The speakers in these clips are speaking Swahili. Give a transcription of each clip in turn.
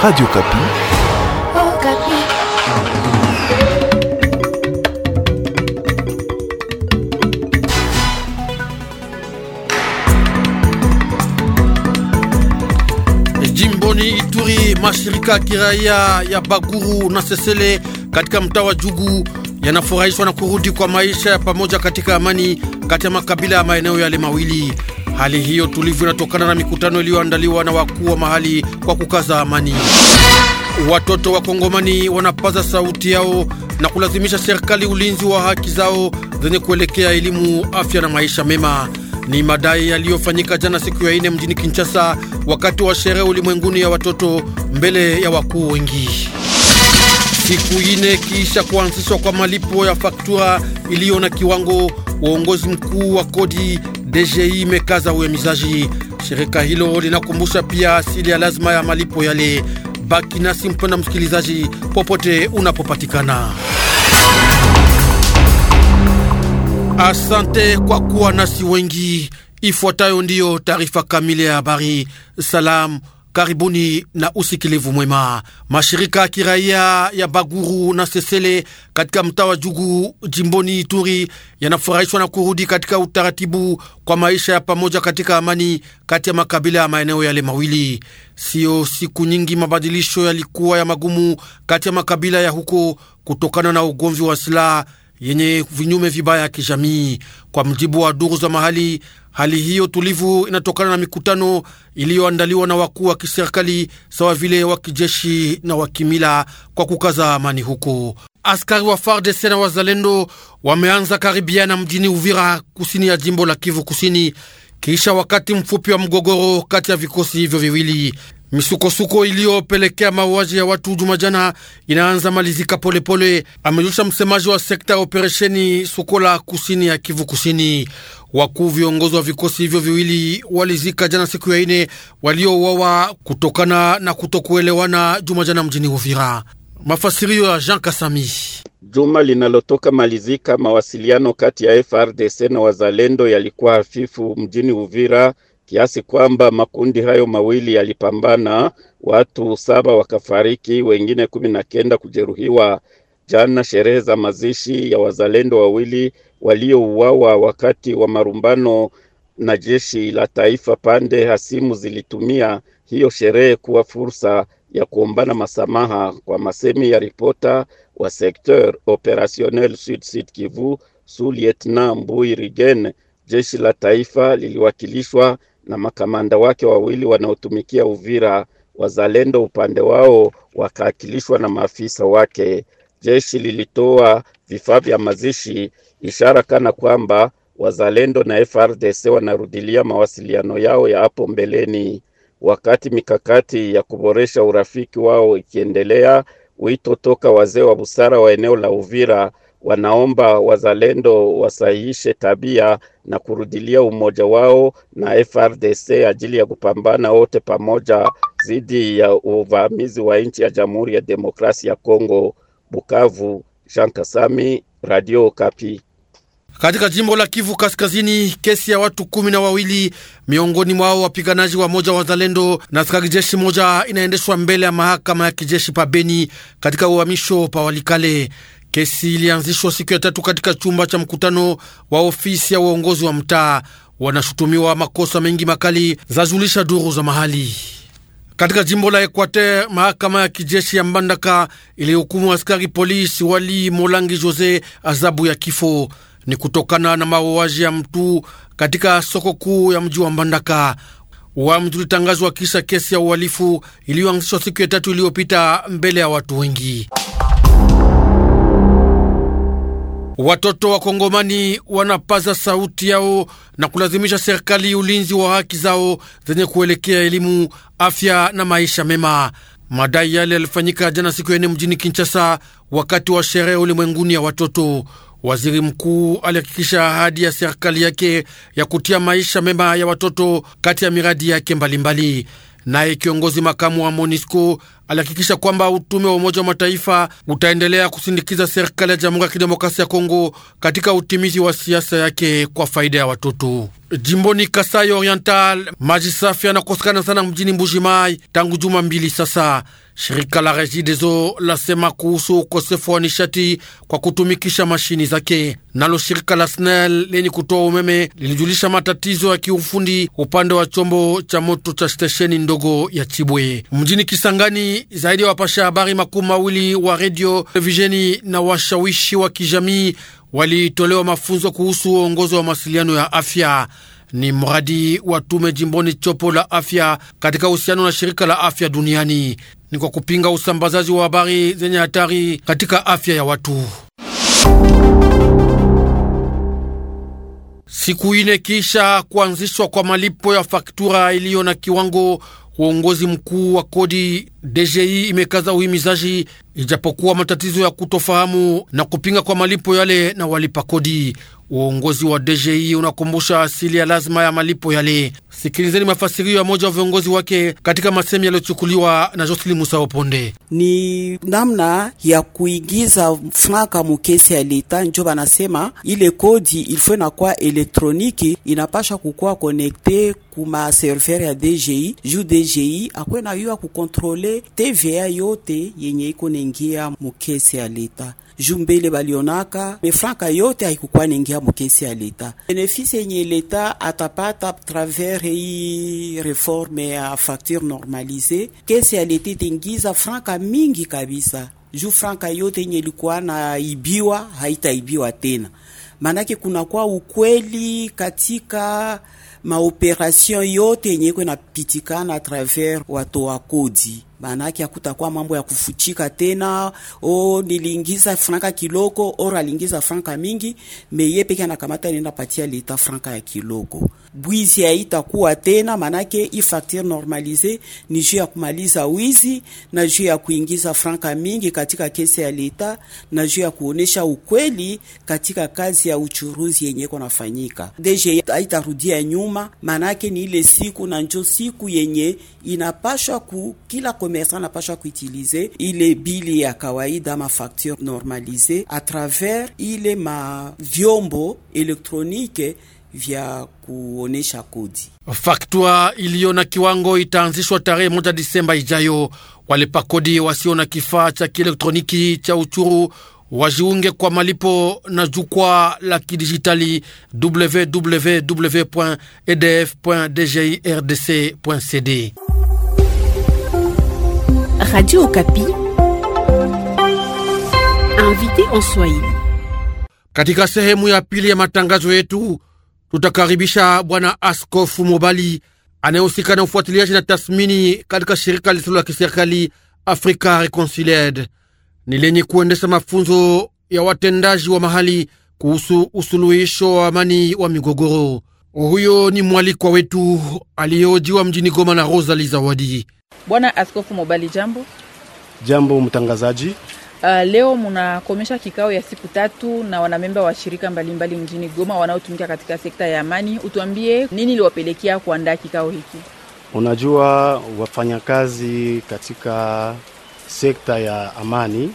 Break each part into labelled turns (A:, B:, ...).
A: Radio Kapi.
B: Oh, Kapi.
C: Jimboni Ituri, mashirika ya kiraia ya Baguru na Sesele katika mtaa wa Jugu yanafurahishwa na kurudi kwa maisha ya pamoja katika amani kati ya makabila ya maeneo yale mawili. Hali hiyo tulivu inatokana na mikutano iliyoandaliwa na wakuu wa mahali kwa kukaza amani. Watoto wa Kongomani wanapaza sauti yao na kulazimisha serikali ulinzi wa haki zao zenye kuelekea elimu, afya na maisha mema. Ni madai yaliyofanyika jana siku ya ine mjini Kinshasa wakati wa sherehe ulimwenguni ya watoto mbele ya wakuu wengi. Siku ine kiisha kuanzishwa kwa malipo ya faktura iliyo na kiwango, uongozi mkuu wa kodi DGI imekaza uhimizaji. Shirika hilo linakumbusha pia asili ya lazima ya malipo yale. Baki nasi mpenda msikilizaji, popote unapopatikana. Asante kwa kuwa nasi wengi. Ifuatayo ndiyo taarifa kamili ya habari. Salamu Karibuni na usikilivu mwema. Mashirika ya kiraia ya Baguru na Sesele katika mtaa wa Jugu jimboni Ituri yanafurahishwa na kurudi katika utaratibu kwa maisha ya pamoja katika amani kati ya makabila ya maeneo yale mawili. Siyo siku nyingi mabadilisho yalikuwa ya magumu kati ya makabila ya huko kutokana na ugomvi wa silaha yenye vinyume vibaya ya kijamii. Kwa mjibu wa duru za mahali, hali hiyo tulivu inatokana na mikutano iliyoandaliwa na wakuu wa kiserikali sawa vile wa kijeshi na wa kimila kwa kukaza amani huko. Askari wa FARDC na wazalendo wameanza karibiana mjini Uvira, kusini ya jimbo la Kivu Kusini, kisha wakati mfupi wa mgogoro kati ya vikosi hivyo viwili. Misukosuko iliyopelekea mauaji ya watu juma jana inaanza malizika polepole, amejulisha msemaji wa sekta ya operesheni Sokola kusini ya Kivu Kusini. Wakuu viongozi wa vikosi hivyo viwili walizika jana siku ya ine waliouawa kutokana na kutokuelewana juma jana mjini Uvira. Mafasirio ya Jean Kasami.
D: Juma linalotoka malizika, mawasiliano kati ya FRDC na wazalendo yalikuwa hafifu mjini Uvira kiasi kwamba makundi hayo mawili yalipambana, watu saba wakafariki, wengine kumi na kenda kujeruhiwa. Jana sherehe za mazishi ya wazalendo wawili waliouawa wakati wa marumbano na jeshi la taifa, pande hasimu zilitumia hiyo sherehe kuwa fursa ya kuombana masamaha, kwa masemi ya ripota wa sekteur operationnel Sud Sud Kivu, Sulietna Mbui Rigen. Jeshi la taifa liliwakilishwa na makamanda wake wawili wanaotumikia Uvira, wazalendo upande wao wakaakilishwa na maafisa wake. Jeshi lilitoa vifaa vya mazishi, ishara kana kwamba wazalendo na FRDC wanarudilia mawasiliano yao ya hapo mbeleni. Wakati mikakati ya kuboresha urafiki wao ikiendelea, wito toka wazee wa busara wa eneo la Uvira wanaomba wazalendo wasahihishe tabia na kurudilia umoja wao na FRDC ajili ya kupambana wote pamoja dhidi ya uvamizi wa nchi ya Jamhuri ya Demokrasia ya Kongo. Bukavu, Jean Kasami, Radio Kapi.
C: Katika jimbo la Kivu Kaskazini, kesi ya watu kumi na wawili miongoni mwao wapiganaji wa moja wa wazalendo na askari jeshi moja inaendeshwa mbele ya mahakama ya kijeshi pa Beni katika uhamisho pa Walikale. Kesi ilianzishwa siku ya tatu katika chumba cha mkutano wa ofisi ya uongozi wa mtaa. Wanashutumiwa makosa mengi makali, zajulisha duru za mahali. Katika jimbo la Ekwater, mahakama ya kijeshi ya Mbandaka ilihukumu askari polisi wali Molangi Jose adhabu ya kifo. Ni kutokana na mauaji ya mtu katika soko kuu ya mji wa Mbandaka. Uamuzi ulitangazwa kisha kesi ya uhalifu iliyoanzishwa siku ya tatu iliyopita mbele ya watu wengi. Watoto wa Kongomani wanapaza sauti yao na kulazimisha serikali ulinzi wa haki zao zenye kuelekea elimu, afya na maisha mema. Madai yale yalifanyika jana siku ya nne mjini Kinshasa wakati wa sherehe ulimwenguni ya watoto. Waziri mkuu alihakikisha ahadi ya serikali yake ya kutia maisha mema ya watoto kati ya miradi yake mbalimbali mbali. Naye kiongozi makamu wa MONUSCO alihakikisha kwamba utume wa Umoja wa Mataifa utaendelea kusindikiza serikali ya Jamhuri ya Kidemokrasia ya Kongo katika utimizi wa siasa yake kwa faida ya watoto. Jimboni Kasai Oriental, maji safi yanakosekana sana mjini Mbujimai tangu juma mbili sasa. Shirika la REGIDESO lasema kuhusu ukosefu wa nishati kwa kutumikisha mashini zake. Nalo shirika la SNEL lenye kutoa umeme lilijulisha matatizo ya kiufundi upande wa chombo cha moto cha stesheni ndogo ya Chibwe mjini Kisangani. Zaidi ya wapasha habari makumi mawili wa redio, televisheni na washawishi wa kijamii walitolewa mafunzo kuhusu uongozi wa mawasiliano ya afya ni mradi wa tume jimboni chopo la afya katika uhusiano na shirika la afya duniani ni kwa kupinga usambazaji wa habari zenye hatari katika afya ya watu. Siku ine kisha kuanzishwa kwa malipo ya faktura iliyo na kiwango, uongozi mkuu wa kodi DGI imekaza uhimizaji, ijapokuwa matatizo ya kutofahamu na kupinga kwa malipo yale na walipa kodi. Uongozi wa DGI unakumbusha asili ya lazima ya malipo yale. Sikilizeni mafasirio ya moja wa viongozi wake katika masemi yaliyochukuliwa na Jocelyn Musa Oponde.
A: Ni namna ya kuingiza franka mukesi ya leta, njo banasema ile kodi ilifo inakuwa elektroniki, inapasha kukuwa konekte kuma server ya DGI juu DGI akwena yuwa kukontrole TVA yote yenye iko naingia mukesi ya leta jumbele balionaka mefranka yote haikukuwa naingia mukesi ya leta. Benefisi yenye leta atapata travers hii reforme ya facture normalize, kesi ya leta itaingiza franka mingi kabisa juu franka yote yenye ilikuwa na ibiwa haitaibiwa tena, maanake kunakuwa ukweli katika maoperasyon yote yenye iko inapitikana a travers watoa kodi manake akutakuwa mambo ya kufuchika tena, o oh, niliingiza franka kiloko or aliingiza franka mingi, meye peke anakamata nenda patia leta franka ya kiloko. Bwizi haitakuwa tena, manake i facture normalize ni juu ya kumaliza wizi na juu ya kuingiza franka mingi katika kesi ya leta na juu ya kuonesha ukweli katika kazi ya uchuruzi yenye iko nafanyika. DG haitarudia nyuma nyuma, manake ni ile siku na njo siku yenye inapashwa ku kila komersa anapashwa kuitilize ile bili ya kawaida ama facture normalize a travers ile ma vyombo elektronike vya kuonesha kodi.
C: Faktua iliyo na kiwango itaanzishwa tarehe moja Disemba ijayo. Walipa kodi wasio na kifaa cha kielektroniki cha uchuru wajiunge kwa malipo na jukwaa la kidijitali www.edf.dgirdc.cd. Radio Okapi invité en Swahili. Katika sehemu ya pili ya matangazo yetu tutakaribisha bwana Askofu Mobali anayehusika na ufuatiliaji na tathmini katika shirika lisilo la kiserikali Africa Reconciled ni lenye kuendesha mafunzo ya watendaji wa mahali kuhusu usuluhisho wa amani wa migogoro. Huyo ni mwalikwa wetu aliyehojiwa mjini Goma na Rosali Zawadi. Bwana
B: Askofu Mobali, jambo.
C: Jambo mtangazaji.
B: Uh, leo munakomesha kikao ya siku tatu na wanamemba wa shirika mbalimbali mjini Goma wanaotumika katika sekta ya amani. Utuambie nini iliwapelekea kuandaa kikao hiki?
E: Unajua, wafanyakazi katika sekta ya amani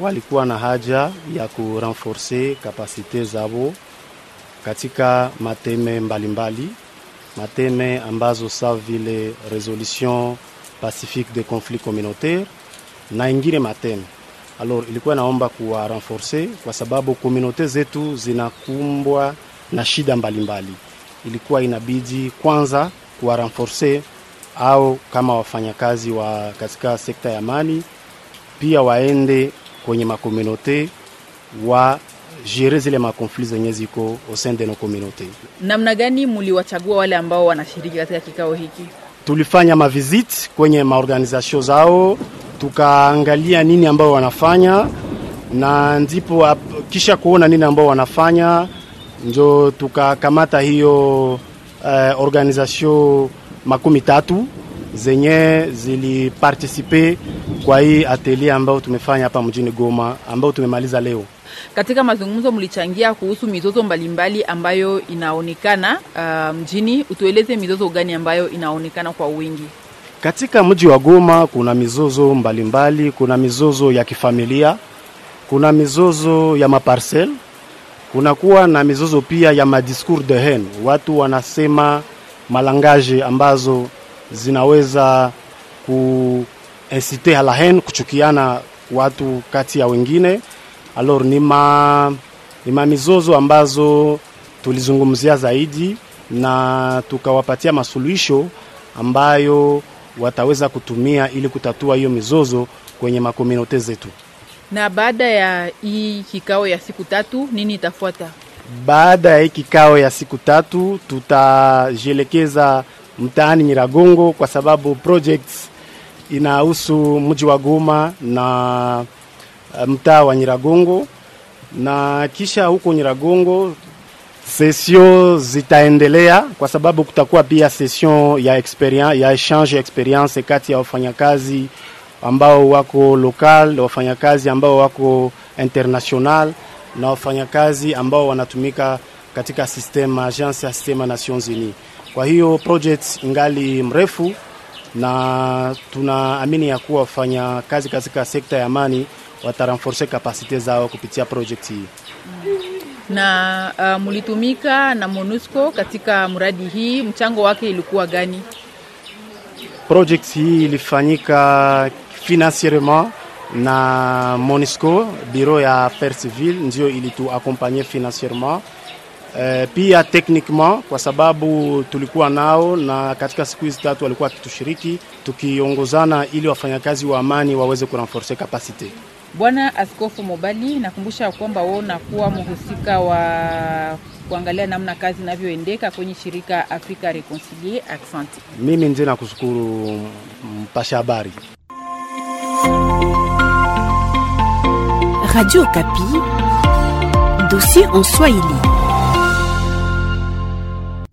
E: walikuwa na haja ya kurenforce kapasite zao katika mateme mbalimbali mbali, mateme ambazo sa vile resolution pacifique de conflit communautaire na ingine mateme alors, ilikuwa naomba kuwarenforce kwa sababu komunote zetu zinakumbwa na shida mbalimbali mbali. Ilikuwa inabidi kwanza kuwarenforce au kama wafanyakazi wa katika sekta ya mali pia waende kwenye makomunote wa jere zile makonfli zenye ziko au sein de nos communautés.
B: Namna gani muliwachagua wale ambao wanashiriki katika kikao hiki?
E: Tulifanya maviziti kwenye maorganizasio zao, tukaangalia nini ambao wanafanya, na ndipo kisha kuona nini ambao wanafanya njo tukakamata hiyo uh, eh, organizasio makumi tatu zenye zilipartisipe kwa hii atelier ambayo tumefanya hapa mjini Goma ambayo tumemaliza leo.
B: Katika mazungumzo mlichangia kuhusu mizozo mbalimbali ambayo inaonekana uh, mjini. Utueleze mizozo gani ambayo inaonekana kwa wingi
E: katika mji wa Goma? Kuna mizozo mbalimbali mbali, kuna mizozo ya kifamilia, kuna mizozo ya maparcel, kunakuwa na mizozo pia ya madiscours de haine, watu wanasema malangaji ambazo zinaweza kuinsite à la haine, kuchukiana watu kati ya wengine. Alors ni ma ni mizozo ambazo tulizungumzia zaidi na tukawapatia masuluhisho ambayo wataweza kutumia ili kutatua hiyo mizozo kwenye makomunote zetu.
B: Na baada ya hii kikao ya siku tatu, nini itafuata?
E: Baada ya kikao ya siku tatu, tutajielekeza mtaani Nyiragongo kwa sababu projects inahusu mji wa Goma na eh, mtaa wa Nyiragongo, na kisha huko Nyiragongo sesio zitaendelea kwa sababu kutakuwa pia session ya experience, ya exchange ya experience kati ya wafanyakazi ambao wako local wafanyakazi ambao wako international na wafanyakazi ambao wanatumika katika sistema agence ya sistema Nations Unies. Kwa hiyo project ingali mrefu na tunaamini ya kuwa wafanya kazi katika sekta ya amani watarenforce kapasite zao kupitia project hii
B: na uh, mlitumika na MONUSCO katika mradi hii, mchango wake ilikuwa gani?
E: Project hii ilifanyika financierement na Monisco biro ya Affaires Civile ndio ilituakompanye financierement e, euh, pia techniquement kwa sababu tulikuwa nao na katika siku hizi tatu walikuwa wakitushiriki tukiongozana, ili wafanyakazi wa amani waweze kurenforce kapasite.
B: Bwana Askofu Mobali, nakumbusha kwamba wewe unakuwa mhusika wa kuangalia namna kazi inavyoendeka kwenye shirika Africa Reconcilie. Asante.
E: Mimi ndiye nakushukuru mpasha habari
B: Radio Kapi.
C: Dossier en Swahili.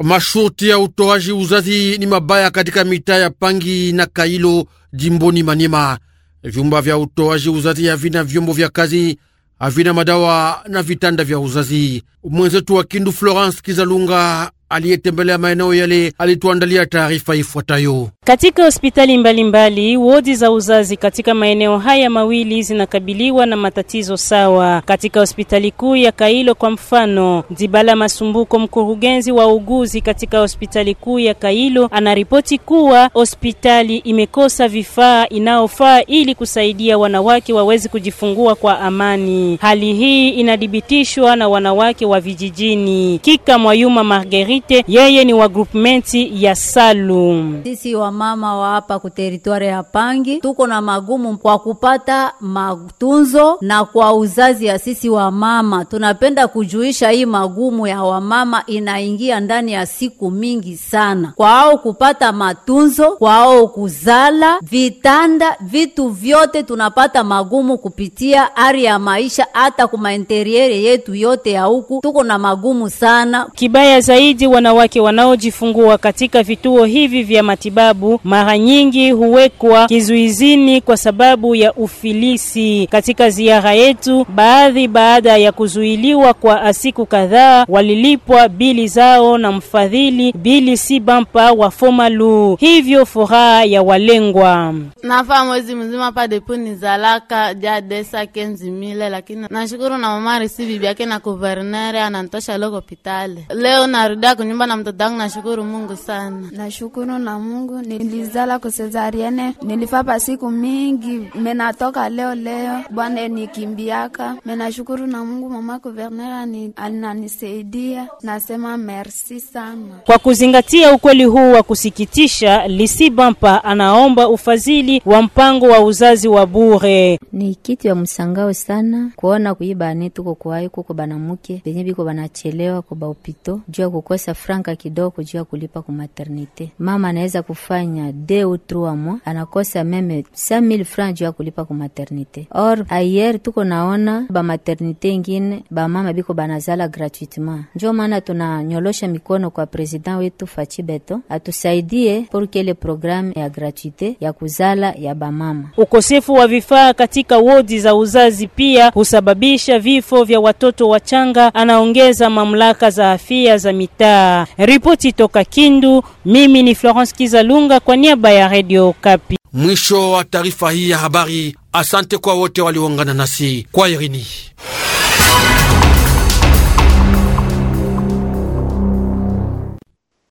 C: Masharti ya utoaji uzazi ni mabaya katika mitaa ya Pangi na Kailo jimboni Maniema. Vyumba vya utoaji uzazi havina vyombo vya kazi, havina madawa na vitanda vya uzazi. Mwenzetu wa Kindu Florence Kizalunga aliyetembelea maeneo yale alituandalia taarifa ifuatayo.
F: Katika hospitali mbalimbali, wodi za uzazi katika maeneo haya mawili zinakabiliwa na matatizo sawa. Katika hospitali kuu ya Kailo kwa mfano, Dibala Masumbuko, mkurugenzi wa uguzi katika hospitali kuu ya Kailo, anaripoti kuwa hospitali imekosa vifaa inayofaa ili kusaidia wanawake waweze kujifungua kwa amani. Hali hii inadhibitishwa na wanawake wa vijijini. Kika Mwayuma Margeri Marite, yeye ni wa groupmenti ya Salu. Sisi wamama wa hapa kuteritware ya Pangi tuko na magumu kwa kupata matunzo na kwa uzazi ya sisi wamama, tunapenda kujuisha hii magumu ya wamama inaingia ndani ya siku mingi sana, kwao kupata matunzo, kwao kuzala, vitanda, vitu vyote tunapata magumu kupitia ari ya maisha, hata kumainteriere yetu yote ya huku tuko na magumu sana, kibaya zaidi zaidi wanawake wanaojifungua katika vituo hivi vya matibabu mara nyingi huwekwa kizuizini kwa sababu ya ufilisi. Katika ziara yetu, baadhi baada ya kuzuiliwa kwa siku kadhaa walilipwa bili zao na mfadhili bili si bampa wa Fomalu, hivyo furaha ya walengwa. Nafaa mwezi mzima pa depu ni zalaka jadesa kenzi mile, lakini nashukuru na mama risi bibi yake na guverner anantosha leo hospitali leo narudia kunyumba na mtoto wangu, nashukuru Mungu sana. Nashukuru na Mungu. Nilizala kusezariene, nilifapa siku mingi, menatoka leo leo, Bwana nikimbiaka. Menashukuru na Mungu, mama guverner ananisaidia, nasema merci sana. Kwa kuzingatia ukweli huu wa kusikitisha, Lisi Bampa anaomba ufadhili wa mpango wa uzazi wa bure. Ni kitu ya msangao sana kuona kuibane tuko kwayi kuko banamuke benye biko banachelewa kwa baupito juu ya kukosa pesa franka kidogo juu ya kulipa ku maternite. Mama anaweza kufanya de ou trois mois anakosa meme 5000 francs juu ya kulipa ku maternite. Or ayer tuko naona ba maternite ingine ba mama biko banazala gratuitement, njo maana tunanyolosha mikono kwa president wetu Fachi Beto atusaidie porke ile programu ya gratuite ya kuzala ya bamama. Ukosefu wa vifaa katika wodi za uzazi pia husababisha vifo vya watoto wachanga, anaongeza mamlaka za afya za mitaa. Ripoti toka Kindu, mimi ni Florence Kizalunga kwa niaba ya Radio Kapi.
C: Mwisho wa taarifa hii ya habari. Asante kwa wote waliongana nasi kwa irini.